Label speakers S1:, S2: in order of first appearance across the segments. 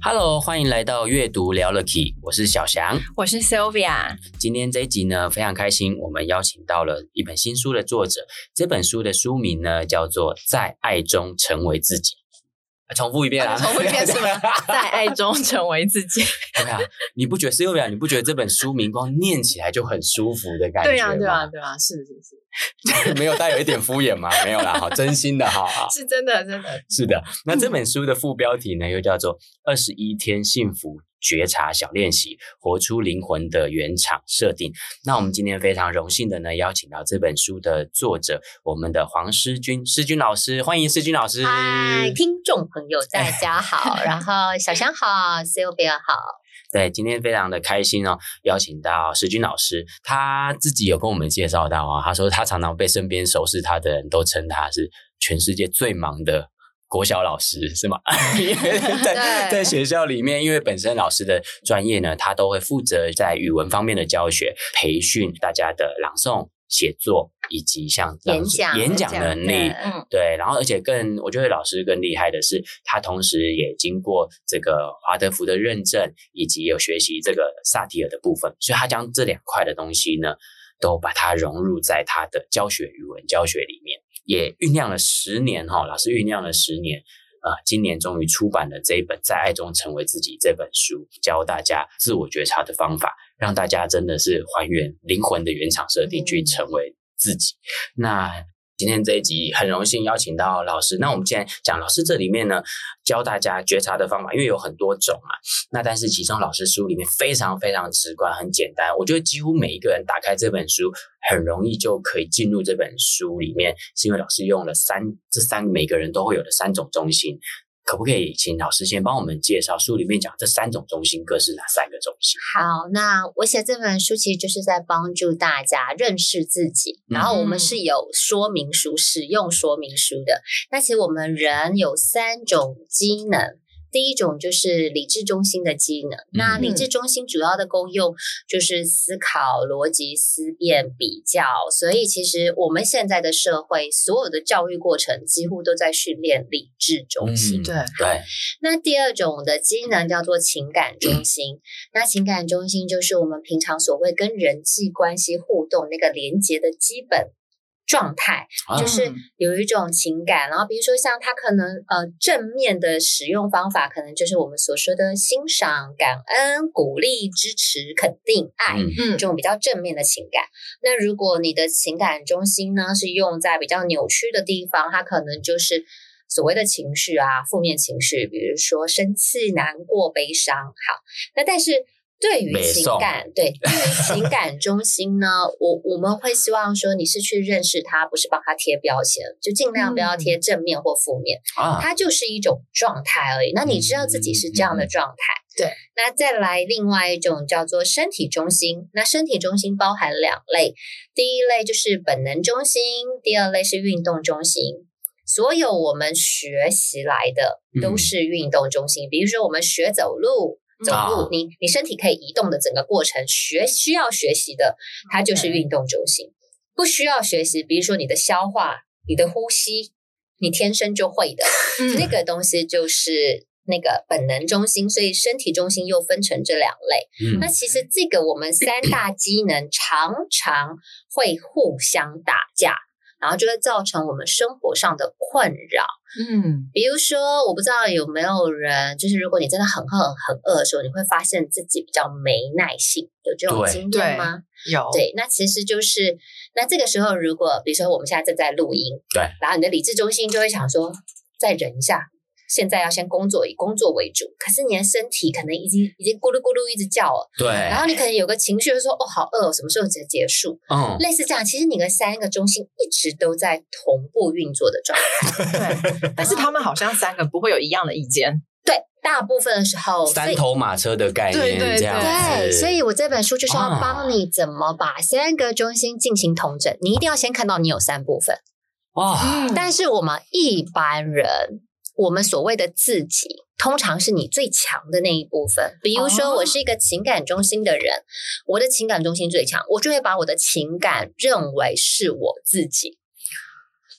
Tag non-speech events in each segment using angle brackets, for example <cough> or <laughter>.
S1: 哈嘍，Hello, 歡迎來到閱讀聊了 Key，我是小翔，
S2: 我是 Sylvia。
S1: 今天這一集呢，非常開心，我們邀請到了一本新書的作者。這本書的書名呢，叫做《在愛中成為自己》。重複一遍啊，啊！重複一
S2: 遍是嗎？ <laughs> 在愛中成為自己。對
S1: 啊，你不覺得？所以啊，你不覺得這本書名光念起來就很舒服的感覺嗎？對
S2: 啊，對啊，
S1: 對啊，是是是，是 <laughs> 沒有帶有一點敷衍嗎？沒有啦，好，真心的，好啊，好是
S2: 真的，真的
S1: 是的。那這本書的副標題呢，又叫做《二十一天幸福》。覺察小練習，活出靈魂的原廠設定。那我們今天非常榮幸的呢，邀請到這本書的作者，我們的黃詩君詩君老師，歡迎詩君老師。嗨，聽眾
S3: 朋友大家好，唉然後小香好 <laughs> ，Cobie 好。
S1: 對，今天非常的開心哦，邀請到詩君老師，他自己有跟我們介紹到啊、哦，他說他常常被身邊熟識他的人都稱他是全世界最忙的。國小老師是嗎？因 <laughs> 為在在學校裡面，因為本身老師的專業呢，他都會負責在語文方面的教學、培訓大家的朗誦、寫作，以及像演講講、演講能力。嗯對，對。然後，而且更我覺得老師更厲害的是，他同時也經過這個華德福的認證，以及有學習這個薩提爾的部分，所以他將這兩塊的東西呢，都把它融入在他的教學語文教學裡面。也醞釀了十年哈，老師醞釀了十年，啊、呃，今年終於出版了這一本《在愛中成為自己》這本書，教大家自我覺察的方法，讓大家真的是還原靈魂的原廠設定，去成為自己。那。今天這一集很榮幸邀請到老師，那我們現在講老師這裡面呢，教大家覺察的方法，因為有很多種嘛、啊。那但是其中老師書裡面非常非常直觀、很簡單，我覺得幾乎每一個人打開這本書，很容易就可以進入這本書裡面，是因為老師用了三這三每個人都會有的三種中心。可不可以請老師先幫我們介紹書裡面講這三種中心，各是哪三個中心？
S3: 好，那我寫這本書其實就是在幫助大家認識自己，嗯、然後我們是有說明書、使用說明書的。那其實我們人有三種機能。第一種就是理智中心的機能，那理智中心主要的功用就是思考、嗯、邏輯、思辨、比較，所以其實我們現在的社會所有的教育過程幾乎都在訓練理智中心。對、嗯、對。那第二種的機能叫做情感中心，嗯、那情感中心就是我們平常所謂跟人際關係互動那個連接的基本。狀態就是有一種情感，然後比如說像他可能呃正面的使用方法，可能就是我們所說的欣賞、感恩、鼓勵、支持、肯定、愛、嗯、哼這種比較正面的情感。那如果你的情感中心呢是用在比較扭曲的地方，他可能就是所謂的情緒啊，負面情緒，比如說生氣、難過、悲傷。好，那但是。對於情感，說對對於情感中心呢， <laughs> 我我們會希望說你是去認識它，不是幫它貼標籤，就盡量不要貼正面或負面。啊、嗯，它就是一種狀態而已。啊、那你知道自己是這樣的狀態，嗯嗯嗯對。那再來另外一種叫做身體中心，那身體中心包含兩類，第一類就是本能中心，第二類是運動中心。所有我們學習來的都是運動中心，嗯、比如說我們學走路。走路，你你身體可以移動的整個過程學，學需要學習的，它就是運動中心；不需要學習，比如說你的消化、你的呼吸，你天生就會的那個東西，就是那個本能中心。所以身體中心又分成這兩類。那其實這個我們三大機能常常會互相打架。然後就會造成我們生活上的困擾，嗯，比如說我不知道有沒有人，就是如果你真的很餓很餓的時候，你會發現自己比較沒耐性，有這種經驗嗎？有。對，那其實就是，那這個時候如果比如說我們現在正在錄音，對，然後你的理智中心就會想說，再忍一下。現在要先工作，以工作為主。可是你的身體可能已經已經咕嚕咕嚕一直叫了。對。然後你可能有個情緒就說，就說哦，好餓，我什麼時候才結束？嗯。類似這樣，其實你的三個中心一直都在同步運作的狀態。嗯、對。但是他們好像三個不會有一樣的意見。嗯、對，大部分的時候。三頭馬
S1: 車的概念。對對對。對，所以
S3: 我這本書就是要幫你怎麼把三個中心進行統整。你一定要先看到你有三部分。哇、嗯。嗯、但是我們一般人。我們所謂的自己，通常是你最強的那一部分。比如說，我是一個情感中心的人，oh. 我的情感中心最強，我就會把我的情感認為是我自己。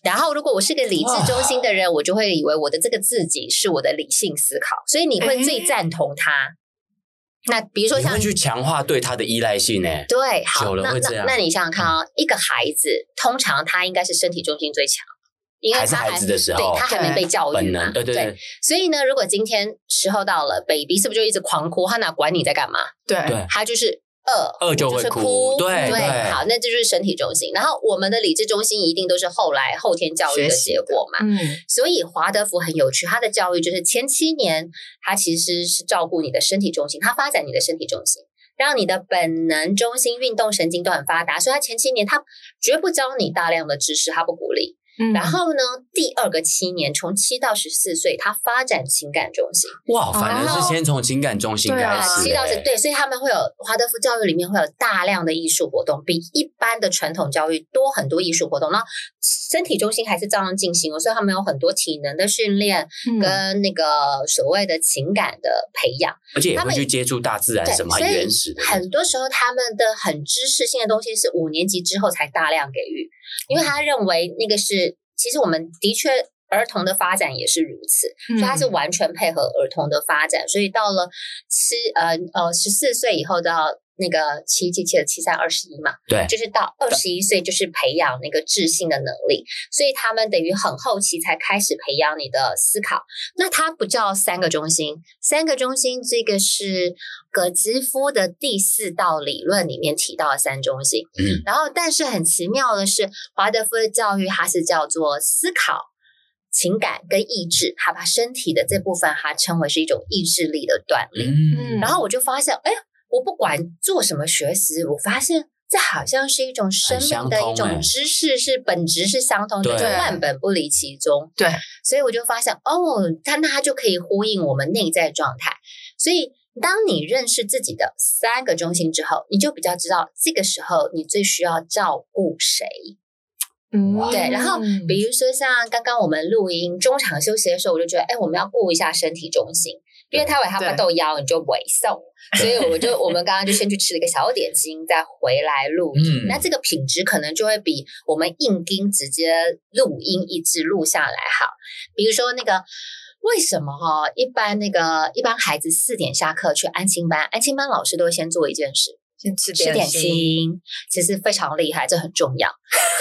S3: 然後，如果我是一個理智中心的人，oh. 我就會以為我的這個自己是我的理性思考。所以，你會最贊同他。欸、那比如說像，你會
S1: 去強化對他的依賴性，欸，呢？對，好，久了會這樣。那那，那你想
S3: 想看啊，哦，嗯、一個孩子，通常他應該是身體中心最強。因為他還、還是孩子的時候，對，他還沒被教育，本能，對對、對、對。所以呢，如果今天時候到了，baby 是不是就一直狂哭？他哪管你在幹嘛？對，他就是餓，餓、呃呃、就會哭。就是哭對、對、對好，那這就是身體中心。然後我們的理智中心一定都是後來後天教育的結果嘛。嗯。所以華德福很有趣，他的教育就是前七年，他其實是照顧你的身體中心，他發展你的身體中心，讓你的本能中心、運動神經都很發達。所以，他前七年他絕不教你大量的知識，他不鼓勵。然後呢，第二個七年，從七到十四歲，他發展情感中心。哇，反正是先
S1: 從情感中心開始。七到十，對，
S3: 所以他們會有華德福教育裡面會有大量的藝術活動，比一般的傳統教育多很多藝術活動。那身體中心還是照樣進行，所以他們有很多體能的訓練跟那個所謂的情感的培養。而且也會去
S1: 接觸大自然，什麼原始。
S3: 很多時候，他們的很知識性的東西是五年級之後才大量給予，因為他認為那個是。其實我們的確，兒童的發展也是如此，嗯、所以它是完全配合兒童的發展。所以到了十呃呃十四歲以後到。那個七七七的七三二十一嘛，對，就是到二十一歲，就是培養那個智性的能力，所以他們等於很後期才開始培養你的思考。那它不叫三個中心，三個中心這個是葛吉夫的第四道理論裡面提到的三中心。嗯，然後但是很奇妙的是，華德福的教育它是叫做思考、情感跟意志，它把身體的這部分它稱為是一種意志力的鍛鍊。嗯，然後我就發現，哎。我不管做什麼學習，我發現這好像是一種生命的一種知識，是本質是相通的，就萬本不離其宗。對，對所以我就發現哦，它那它就可以呼應我們內在狀態。所以，當你認識自己的三個中心之後，你就比較知道這個時候你最需要照顧誰。嗯，對。然後，比如說像剛剛我們錄音中場休息的時候，我就覺得，哎，我們要顧一下身體中心。因為他尾他不抖腰，你就萎送。對所以我們就 <laughs> 我們剛剛就先去吃了一個小點心，再回來錄音。嗯、那這個品質可能就會比我們硬釘直接錄音一直錄下來好。比如說那個為什麼哈，一般那個一般孩子四點下課去安親班，安親班老師都會先做一件事，先吃點心，吃點心。其實非常厲害，這很重要。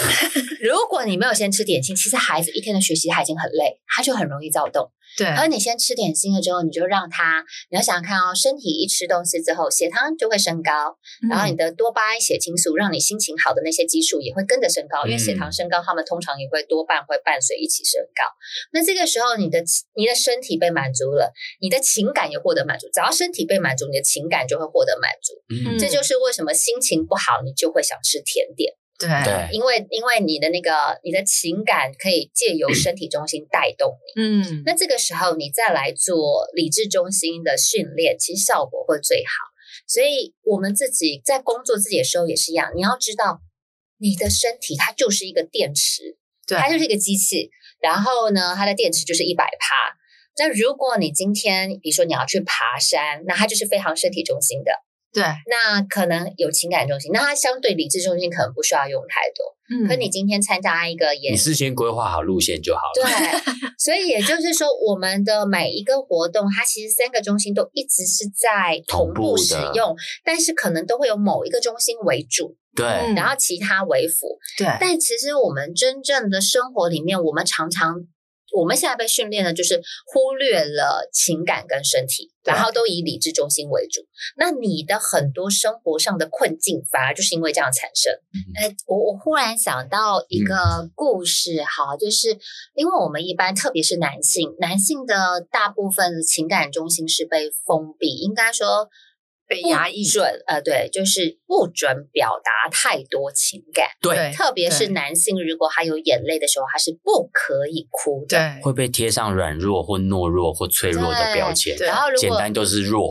S3: <laughs> 如果你沒有先吃點心，其實孩子一天的學習還已經很累，他就很容易躁動。對，而你先吃點心了之後，你就讓他，你要想想看哦，身體一吃東西之後，血糖就會升高，嗯、然後你的多巴胺、血清素讓你心情好的那些激素也會跟着升高，嗯、因為血糖升高，它們通常也會多半會伴隨一起升高。那這個時候，你的你的身體被滿足了，你的情感也獲得滿足。只要身體被滿足，你的情感就會獲得滿足。嗯、這就是為什麼心情不好，你就會想吃甜點。
S2: 對，對，因
S3: 為因為你的那個你的情感可以借由身體中心帶動你，嗯，那這個時候你再來做理智中心的訓練，其實效果會最好。所以我們自己在工作自己的時候也是一樣，你要知道你的身體它就是一個電池，對，它就是一個機器。然後呢，它的電池就是一百趴。那如果你今天比如說你要去爬山，那它就是非常身體中心的。對，那可能有情感中心，那它相對理智中心可能不需要用太多。嗯，可你今天參加一個研，你事
S1: 先規劃好路線就好了。
S3: 對，所以也就是說，我們的每一個活動，它其實三個中心都一直是在同步使用，但是可能都會有某一個中心為主，對，嗯、然後其他為輔，對。但其實我們真正的生活裡面，我們常常。我們現在被訓練的就是忽略了情感跟身體，然後都以理智中心為主。那你的很多生活上的困境，反而就是因為這樣產生。我、嗯、我忽然想到一個故事，嗯、好，就是因為我們一般，特別是男性，男性的大部分情感中心是被封閉，應該說。被壓抑，不准呃，對，就是不准表達太多情感。對，特別是男性，如果他有眼淚的時候，他是不可以哭的。
S1: 對，會被貼上軟弱或懦弱或脆弱的標籤。然後，簡單就是弱。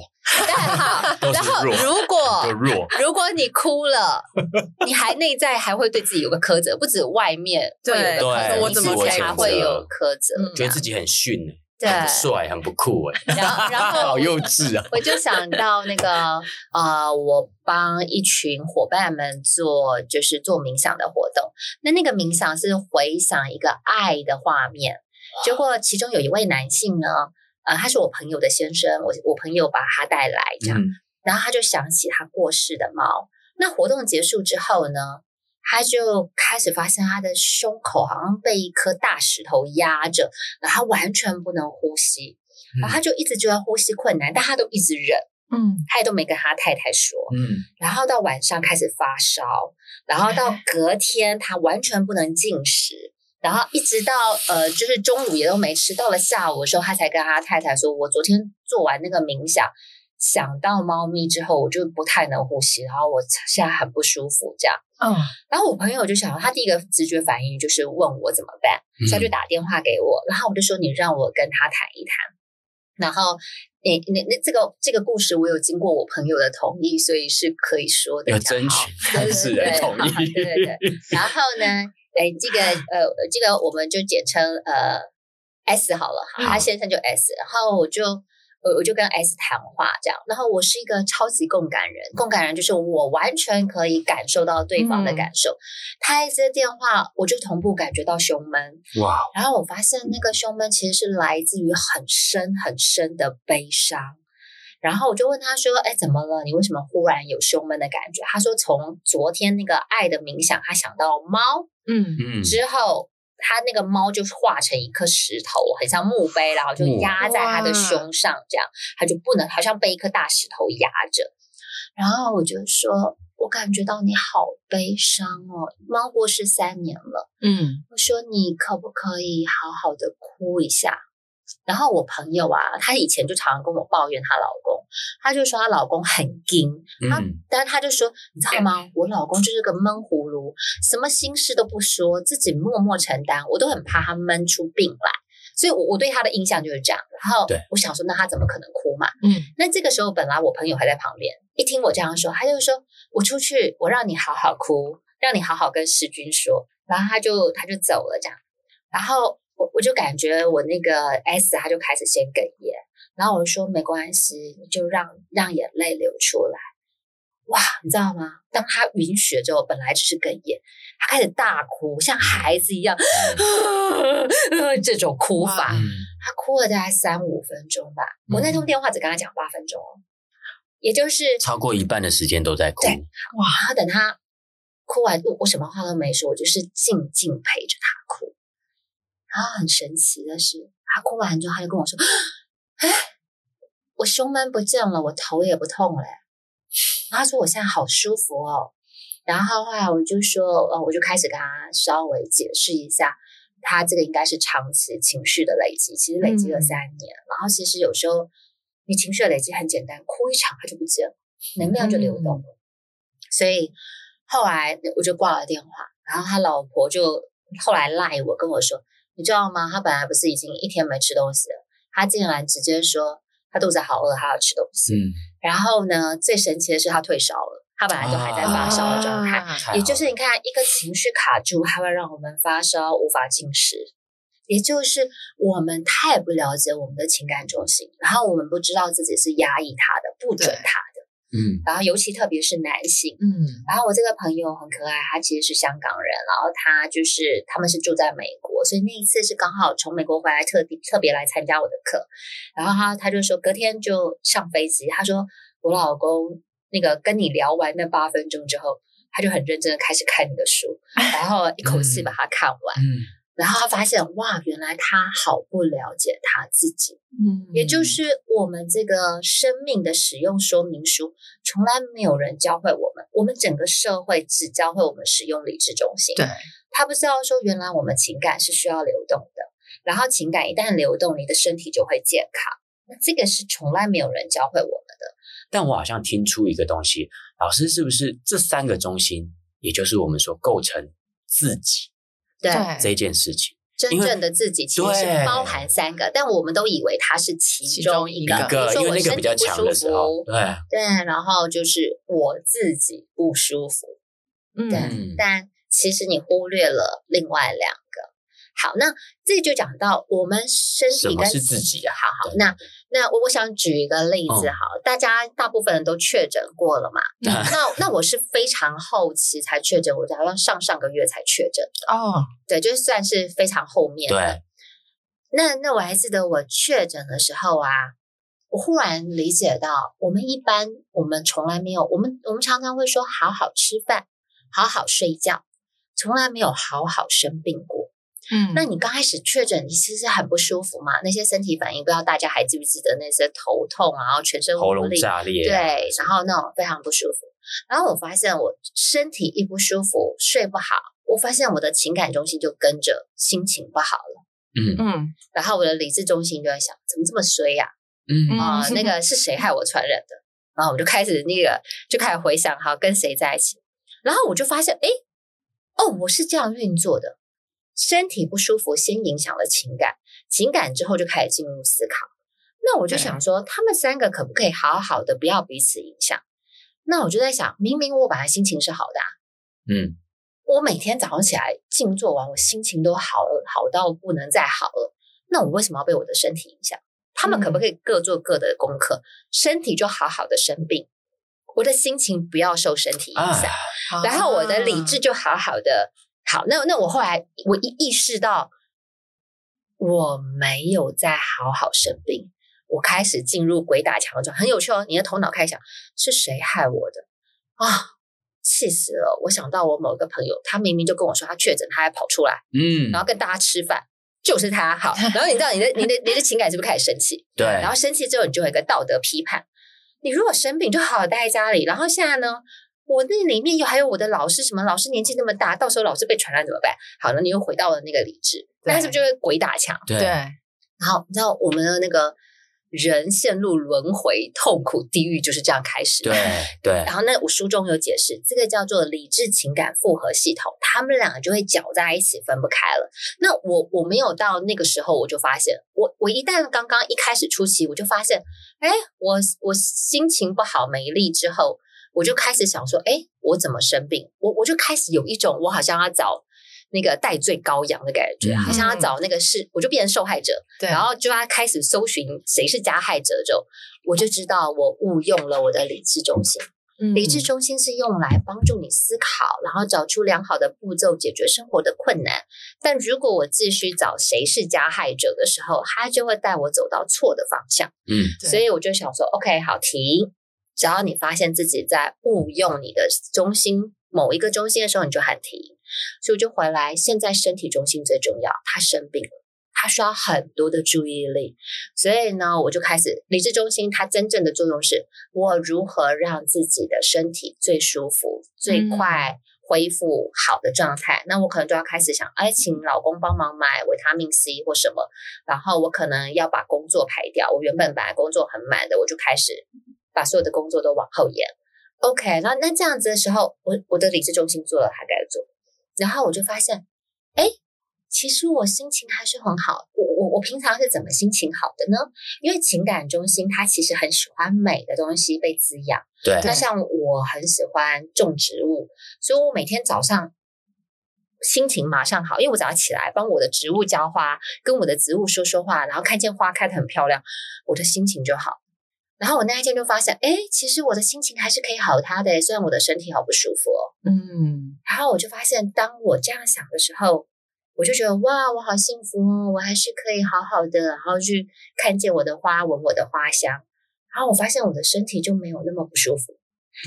S1: 然後，如果
S3: 如果你哭了，你還內在還會對自己有個苛責，不止外面對，我怎麼才會有苛責？
S1: 覺得自己很遜呢。很帥，很對不不，不
S3: 酷誒，然後好幼稚
S1: 啊！我就想
S3: 到那個， <laughs> 啊、呃，我幫一群夥伴們做，就是做冥想的活動。那那個冥想是回想一個愛的畫面，結果其中有一位男性呢，呃，他是我朋友的先生，我我朋友把他帶來這樣，嗯、然後他就想起他過世的貓。那活動結束之後呢，他就開始發現他的胸口好像被一顆大石頭壓着，然後他完全不能呼吸，然後他就一直覺得呼吸困難，嗯、但他都一直忍，嗯，他也都沒跟他太太說，嗯，然後到晚上開始發燒，然後到隔天他完全不能進食，嗯、然後一直到呃，就是中午也都沒吃，到了下午的時候，他才跟他太太說，我昨天做完那個冥想。想到貓咪之後，我就不太能呼吸，然後我現在很不舒服，這樣。
S2: Oh.
S3: 然後我朋友就想到，他第一個直覺反應就是問我怎麼辦，嗯、他就打電話給我，然後我就說你讓我跟他談一談。然後，你、你、你這個這個故事，我有經過我朋友的同意，所以是可以說的。
S1: 要爭取，都對是同意。 <laughs> 對,對,對對。然
S3: 後呢，誒這個呃，這個我們就簡稱呃 S 好了，哈，嗯、他先生就 S，然後我就。我我就跟 S 談話這樣，然後我是一個超級共感人，共感人就是我完全可以感受到對方的感受。嗯、他一接電話，我就同步感覺到胸悶，哇 Wow！然後我發現那個胸悶其實是來自於很深很深的悲傷。然後我就問他說：“哎、欸，怎麼了？你為什麼忽然有胸悶的感覺？”他說：“從昨天那個愛的冥想，他想到貓，嗯
S1: 嗯，之
S3: 後。”他那個貓就是化成一顆石頭，很像墓碑，然後就壓在他的胸上，這樣他、嗯、就不能，好像被一顆大石頭壓着。然後我就說，我感覺到你好悲傷哦，貓過世三年了，嗯，我說你可不可以好好的哭一下？然後我朋友啊，她以前就常跟我抱怨她老公，她就說她老公很硬，嗯，他但是她就說，你知道嗎？嗯、我老公就是個悶葫蘆，什麼心事都不說，自己默默承擔，我都很怕他悶出病來。所以我，我我對他的印象就是這樣。然後，我想說，那他怎麼可能哭嘛？嗯對，那這個時候，本來我朋友還在旁邊，一聽我這樣說，他就說：“我出去，我讓你好好哭，讓你好好跟詩君說。”然後他就他就走了，這樣。然後。我我就感覺我那個 S 他就開始先哽咽，然後我就說，沒關係，你就讓讓眼淚流出來。哇，你知道嗎？當他允許了之後，本來只是哽咽，他開始大哭，像孩子一樣，嗯、呵呵呵呵這種哭法，啊嗯、他哭了大概三五分鐘吧。嗯、我那通電話只跟他講八分鐘，也就是超
S1: 過一半的時間都在哭。對
S3: 哇！等他哭完，我我什麼話都沒說，我就是靜靜陪着他。然後很神奇的是，他哭完之後他就跟我說：“哎，我胸悶不見了，我頭也不痛了。”然後他說：“我現在好舒服哦。”然後後來我就說：“呃、哦，我就開始跟他稍微解釋一下，他這個應該是長期情緒的累積，其實累積了三年。嗯、然後其實有時候你情緒的累積很簡單，哭一場他就不見了，能量就流動了。嗯、所以後來我就掛了電話，然後他老婆就後來賴我，跟我說。”你知道嗎？他本來不是已經一天沒吃東西了，他竟然直接說他肚子好餓，他要吃東西。嗯、然後呢，最神奇的是他退燒了，他本
S2: 來就還
S1: 在發燒的狀態。啊啊、也就
S3: 是你看，一個情緒卡住，還會讓我們發燒，無法進食。也就是我們太不了解我們的情感中心，然後我們不知道自己是壓抑他的，不准他。嗯，然後尤其特別是男性，嗯，然後我這個朋友很可愛，他其實是香港人，然後他就是他們是住在美國，所以那一次是剛好從美國回來特、特地特別來參加我的課，然後他他就說隔天就上飛機，他說我老公那個跟你聊完那八分鐘之後，他就很認真的開始看你的書，然後一口氣把它看完。嗯嗯然後他發現，哇，原來他好不了解他自己，嗯，也就是我們這個生命的使用說明書，從來沒有人教會我們，我們整個社會只教會我們使用理智中心，對，他不知道說，原來我們情感是需要流動的，然後情感一旦流動，你的身體就會健康，那這個是從來沒有人教會我們的。
S1: 但我好像聽出一個東西，老師是不是這三個中心，也就是我們所構成自己？對這件事情，
S3: 為真正的自己其實是包含三個，對但我們都以為他是其中一個。所以我身體比較、那個、不舒服，對、啊，對，然後就是我自己不舒服，嗯對，但其實你忽略了另外兩個。好，那這就講到我們身體跟自己。是自己好好，對對對，那那我我想舉一個例子，好，哦、大家大部分人都確診過了嘛。嗯、那那我是非常後期才確診，我好像上上個月才確診哦。對，就算是非常後面。對。那那我還記得我確診的時候啊，我忽然理解到，我們一般我們從來沒有，我們我們常常會說好好吃飯，好好睡覺，從來沒有好好生病過。嗯，那你剛開始確診，你其實很不舒服嘛？那些身體反應，不知道大家還記不記得那些頭痛，然後全身喉嚨裡炸裂、啊，對，是然後那種非常不舒服。然後我發現我身體一不舒服，睡不好，我發現我的情感中心就跟着心情不好
S1: 了。
S3: 嗯嗯，然後我的理智中心就在想，怎麼這麼衰呀？嗯啊，嗯，那個是誰害我傳染的？ <laughs> 然後我就開始那個，就開始回想，哈，跟誰在一起？然後我就發現，誒，哦，我是這樣運作的。身體不舒服，先影響了情感，情感之後就開始進入思考。那我就想說，嗯、他們三個可不可以好好的，不要彼此影響？那我就在想，明明我本來心情是好的，啊。嗯，我每天早上起來靜坐完，我心情都好了，好到不能再好了。那我為什麼要被我的身體影響？他們可不可以各做各的功課，嗯、身體就好好的生病，我的心情不要受身體影響，唉然後我的理智就好好的。好，那那我後來我一意識到我沒有再好好生病，我開始進入鬼打牆的狀，很有趣哦。你的頭腦開始想是誰害我的啊？哦，氣死了！我想到我某個朋友，他明明就跟我說他確診，他還跑出來，嗯，然後跟大家吃飯，就是他。好，然後你知道你的 <laughs> 你的你的，你的情感是不是開始生氣？對，然後生氣之後你就會有一個道德批判。你如果生病就好好待在家裡，然後現在呢？我那裡面又還有我的老師，什麼老師年紀那麼大，到時候老師被傳染怎麼辦？好了，你又回到了那個理智，那是不是就會鬼打牆？對。然後，然後我們的那個人陷入輪迴、痛苦地獄，就是這樣開始。對對。對然後，那我書中有解釋，這個叫做理智情感複合系統，他們兩個就會攪在一起，分不開了。那我我沒有到那個時候，我就發現，我我一旦剛剛一開始初期，我就發現，誒我我心情不好、沒力之後。我就開始想說，哎、欸，我怎麼生病？我我就開始有一種我好像要找那個代罪羔羊的感覺，嗯、好像要找那個是，我就變成受害者。對然後就要開始搜尋誰是加害者，就我就知道我誤用了我的理智中心。嗯、理智中心是用來幫助你思考，然後找出良好的步驟解決生活的困難。但如果我繼續找誰是加害者的時候，他就會帶我走到錯的方向。嗯，所以我就想說對，OK，好，停。只要你發現自己在誤用你的中心，某一個中心的時候，你就喊停。所以我就回來，現在身體中心最重要。他生病了，他需要很多的注意力。所以呢，我就開始理智中心，它真正的作用是我如何讓自己的身體最舒服、最快恢復好的狀態。嗯。那我可能就要開始想，哎，請老公幫忙買維他命 C 或什麼。然後我可能要把工作排掉。我原本本來工作很滿的，我就開始。把所有的工作都往後延，OK，那那這樣子的時候，我我的理智中心做了還該做，然後我就發現，哎，其實我心情還是很好。我我我平常是怎麼心情好的呢？因為情感中心它其實很喜歡美的東西被滋養。對。那像我很喜歡種植物，所以我每天早上心情馬上好，因為我早上起來幫我的植物澆花，跟我的植物說說話，然後看見花開得很漂亮，我的心情就好。然後我那一天就發現，哎，其實我的心情還是可以好它的，雖然我的身體好不舒服哦。嗯，然後我就發現，當我這樣想的時候，我就覺得哇，我好幸福哦，我還是可以好好的，然後去看見我的花，聞我的花香。然後我發現我的身體就沒有那麼不舒服，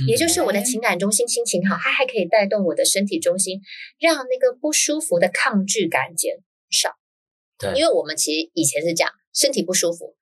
S3: 嗯、也就是我的情感中心心情好，它還可以帶動我的身體中心，讓那個不舒服的抗拒感減少。對，因為我們其實以前是這樣，身體不舒服。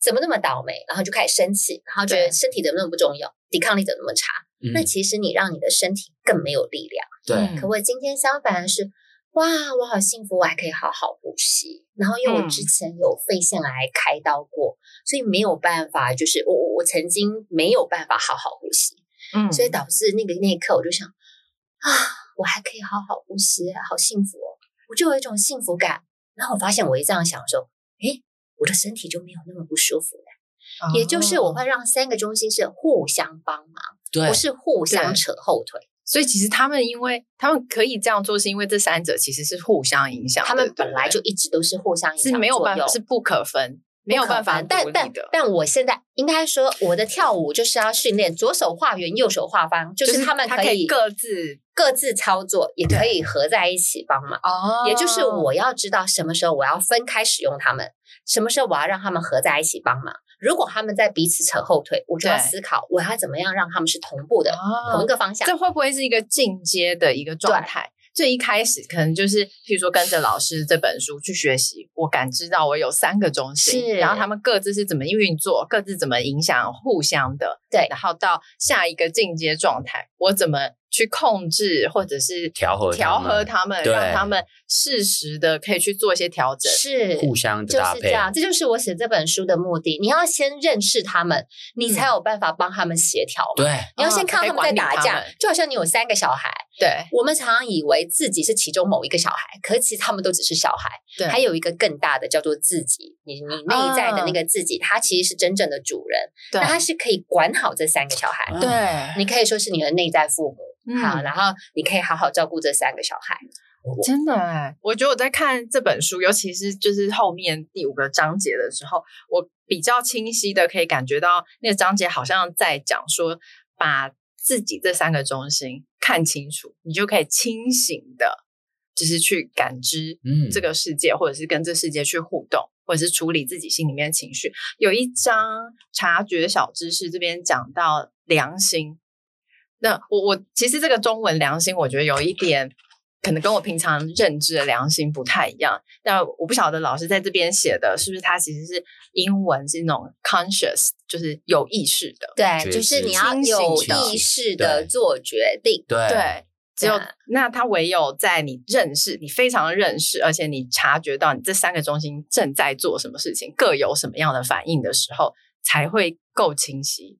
S3: 怎麼那麼倒霉？然後就開始生氣，然後覺得身體怎麼那麼不重要，對抵抗力怎麼那麼差？嗯、那其實你讓你的身體更沒有力量。對。對可我今天相反的是，哇，我好幸福，我還可以好好呼吸。然後因為我之前有肺腺癌開刀過，嗯、所以沒有辦法，就是我我,我曾經沒有辦法好好呼吸。嗯。所以導致那個那一刻，我就想啊，我還可以好好呼吸，好幸福哦，我就有一種幸福感。然後我發現，我一這樣想的時候。我的身體就沒有那麼不舒服了、啊，哦、也就是我
S2: 會讓三個中心是互相幫忙，
S3: 對不是互相扯後
S2: 腿。所以其實他們，因為他們可以這樣做，是因為這三者其實是互相影響，他們對對本來就一直都是互相影響，是沒有辦法，是不可分。沒有辦法但，但但但我
S3: 現在應該說，我的跳舞就是要訓練左手畫圓，右手畫方，就是他們可以各自各自操作，也可以合在一起幫忙。哦對，也就是我要知道什麼時候我要分開使用他們，什麼時候我要讓他們合在一起幫忙。如果
S2: 他們在彼此扯後腿，我就要思考我要怎麼樣讓他們是同步的對同一個方向。這會不會是一個進階的一個狀態？最一開始可能就是，譬如說跟着老師這本書去學習，我感知到我有三個中心，是，然後他們各自是怎麼運作，各自怎麼影響互相的，對，然後到下一個進階狀態，我怎麼去控制或者是調和調和他們，他們，對，讓他們適時的
S3: 可以去做一些調整，是互相的搭配就是這樣，這就是我寫這本書的目的。你要先認識他們，你才有辦法幫他們協調嘛，對，你要先看，啊，他們在打架，就好像你有三個小孩。對，我們常常以為自己是其中某一個小孩，可其實他們都只是小孩。對，還有一個更大的叫做自己，你你內在的那個自己，嗯、他其實是真正的主人。對，那他是可以管好這三個小孩。對、嗯，你可以說是你的內在父母。嗯，
S2: 好，然後你可以好好照顧這三個小孩。嗯、我真的哎、欸，我覺得我在看這本書，尤其是就是後面第五個章節的時候，我比較清晰的可以感覺到那個章節好像在講說，把自己這三個中心。看清楚，你就可以清醒的就是去感知這個世界，嗯，或者是跟這世界去互動，或者是處理自己心裡面的情緒。有一章察覺小知識，這邊講到良心。那我我其實這個中文良心，我覺得有一點。可能跟我平常認知的良心不太一樣，但我不曉得老師在這邊寫的是不是他其實是英文是那種 conscious，就是有意識的，對，就是你要有意識的做決定，對，只有那他唯有在你認識，你非常認識，而且你察覺到你這三個中心正在做什麼事情，各有什麼樣的反應的時候，才會夠清晰。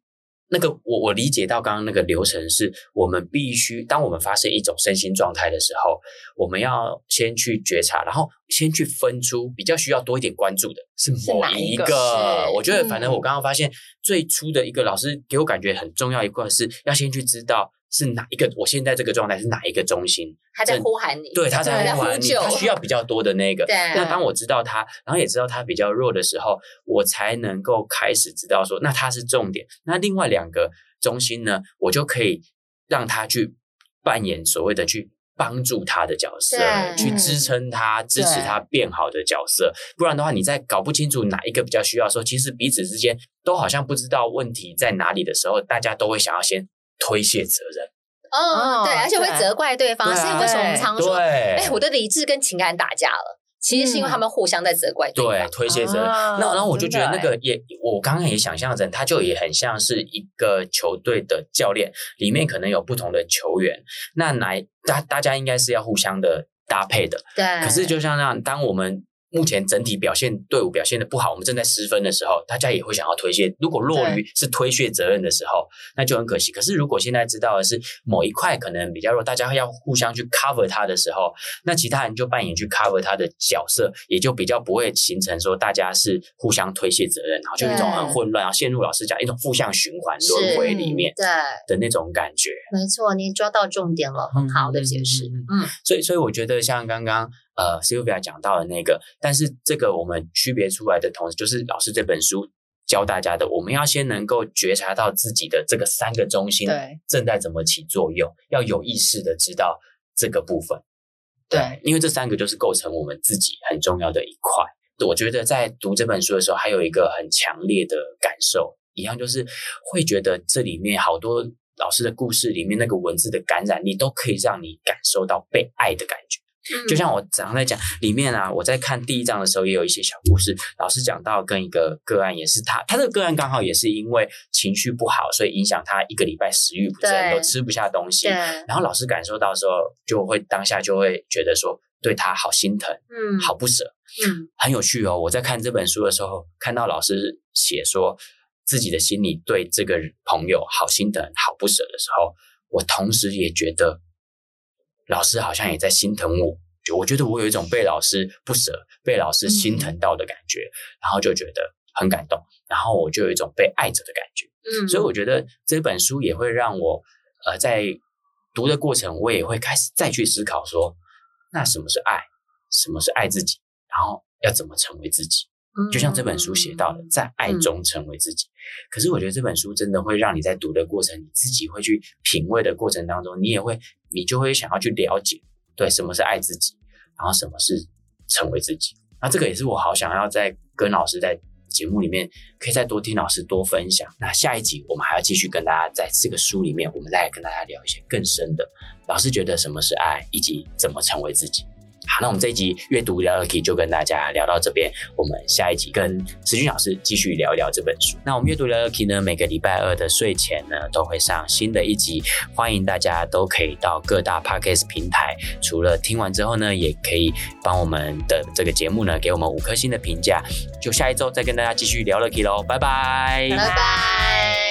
S1: 那個，我我理解到剛剛那個流程是，我們必須當我們發生一種身心狀態的時候，我們要先去覺察，然後先去分出比較需要多一點關注的是哪一個，我覺得，反正我剛剛發現最初的一個老師給我感覺很重要一塊，是要先去知道。是哪一個？我現在這個狀態是哪一個中心？他在呼
S3: 喊你，對，他在呼喊你，他需要
S1: 比較多的那個。對那當我知道他，然後也知道他比較弱的時候，我才能夠開始知道說，那他是重點。那另外兩個中心呢，我就可以讓他去扮演所謂的去幫助他的角色，對去支撐他、支持他變好的角色。對不然的話，你在搞不清楚哪一個比較需要的時候，其實彼此之間都好像不知道問題在哪裡的時候，大家都會想要先。推卸責任，
S3: 哦，對，而且會責怪對方，對，所以為什麼我們常說，哎、欸，我的理智跟情感打架了？其實是因為他們互相在責怪對
S1: 方、嗯，對，推卸責任。那、哦、然後我就覺得那個也，我剛剛也想象着，他就也很像是一個球隊的教練，裡面可能有不同的球員，那來大大家應該是要互相的搭配的，對。可是就像那樣，當我們。目前整體表現隊伍表現得不好，我們正在失分的時候，大家也會想要推卸。如果落於是推卸責任的時候，對那就很可惜。可是如果現在知道的是某一塊可能比較弱，大家要互相去 cover 它的時候，那其他人就扮演去 cover 它的角色，也就比較不會形成說大家是互相推卸責任，然後就一種很混亂，對然後陷入老師講一種負向循環輪回裡面，對的那種感覺。
S3: 嗯、沒錯，你抓到重點了，嗯、很好的解釋。嗯，
S1: 所以所以我覺得像剛剛。呃，Sylvia 講到的那個，但是這個我們區別出來的同時，就是老師這本書教大家的，我們要先能夠覺察到自己的這個三個中心正在怎麼起作用，對要有意識的知道這個部分。對，對因為這三個就是構成我們自己很重要的一塊。我覺得在讀這本書的時候，還有一個很強烈的感受，一樣就是會覺得這裡面好多老師的故事裡面那個文字的感染力，都可以讓你感受到被愛的感覺。就像我常在講，裡面啊，我在看第一章的時候，也有一些小故事。老師講到跟一個個案，也是他，他這個個案剛好也是因為情緒不好，所以影響他一個禮拜食欲不振，有對吃不下東西。對然後老師感受到的時候，就會當下就會覺得說，對他好心疼，嗯，好不舍。嗯，嗯，很有趣哦。我在看這本書的時候，看到老師寫說自己的心裡對這個朋友好心疼、好不舍的時候，我同時也覺得。老師好像也在心疼我，就我覺得我有一種被老師不舍、嗯、被老師心疼到的感覺，然後就覺得很感動，然後我就有一種被愛着的感覺。嗯，所以我覺得這本書也會讓我，呃，在讀的過程，我也會開始再去思考說，那什麼是愛？什麼是愛自己？然後要怎麼成為自己？就像這本書寫到的，在愛中成為自己。嗯嗯，可是我覺得這本書真的會讓你在讀的過程，你自己會去品味的過程當中，你也會，你就會想要去了解，對，什麼是愛自己，然後什麼是成為自己。那這個也是我好想要在跟老師在節目裡面可以再多聽老師多分享。那下一集我們還要繼續跟大家在這個書裡面，我們再來跟大家聊一些更深的，老師覺得什麼是愛，以及怎麼成為自己。好，那我們這一集閱讀聊樂 Key 就跟大家聊到這邊。我們下一集跟時君老師繼續聊一聊這本書。那我們閱讀聊樂 Key 呢，每個禮拜二的睡前呢，都會上新的一集。歡迎大家都可以到各大 Podcast 平台。除了聽完之後呢，也可以幫我們的這個節目呢，給我們五顆星的評價。就下一周再跟大家繼續聊樂 Key 嘍，拜拜，拜拜。